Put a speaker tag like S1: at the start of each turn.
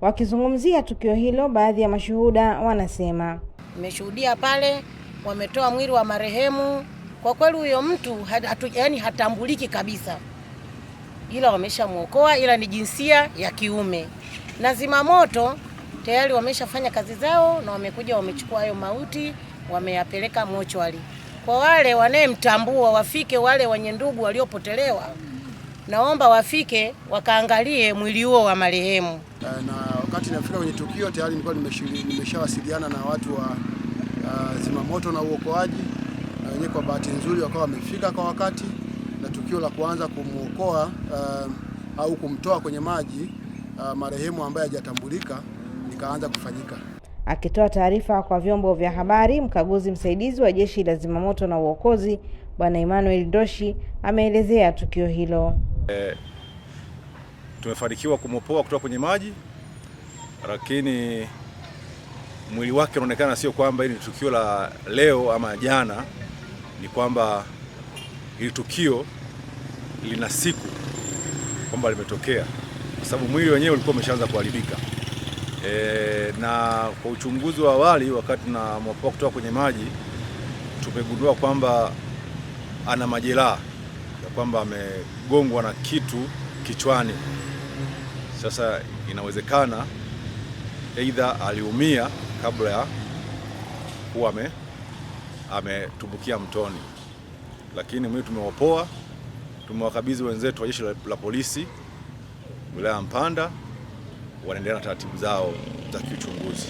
S1: Wakizungumzia tukio hilo, baadhi ya mashuhuda wanasema
S2: nimeshuhudia pale wametoa mwili wa marehemu. Kwa kweli huyo mtu hatu, yani hatambuliki kabisa, ila wameshamwokoa, ila ni jinsia ya kiume, na zimamoto tayari wameshafanya kazi zao na wamekuja wamechukua hayo mauti wameyapeleka mochwali Kwa wale wanayemtambua wafike, wale wenye ndugu waliopotelewa naomba wafike wakaangalie mwili huo wa marehemu.
S3: Eh, na wakati nafika kwenye tukio tayari nilikuwa nimeshawasiliana na watu wa uh, zimamoto na uokoaji, na wenyewe kwa bahati nzuri wakawa wamefika kwa wakati, na tukio la kuanza kumwokoa uh, au kumtoa kwenye maji uh, marehemu ambaye hajatambulika nikaanza kufanyika.
S1: Akitoa taarifa kwa vyombo vya habari, mkaguzi msaidizi wa jeshi la zimamoto na uokozi Bwana Emmanuel Doshi ameelezea tukio hilo. E,
S4: tumefanikiwa kumwopoa kutoka kwenye maji, lakini mwili wake unaonekana, sio kwamba hili ni tukio la leo ama jana, ni kwamba hili tukio lina siku kwamba limetokea, kwa sababu mwili wenyewe ulikuwa umeshaanza kuharibika. E, na kwa uchunguzi wa awali wakati tunamwopoa kutoka kwenye maji tumegundua kwamba ana majeraha kwamba amegongwa na kitu kichwani. Sasa inawezekana aidha aliumia kabla ya kuwa ametumbukia mtoni, lakini mimi tumewapoa, tumewakabidhi wenzetu wa jeshi la polisi wilaya ya Mpanda, wanaendelea na taratibu zao za kiuchunguzi.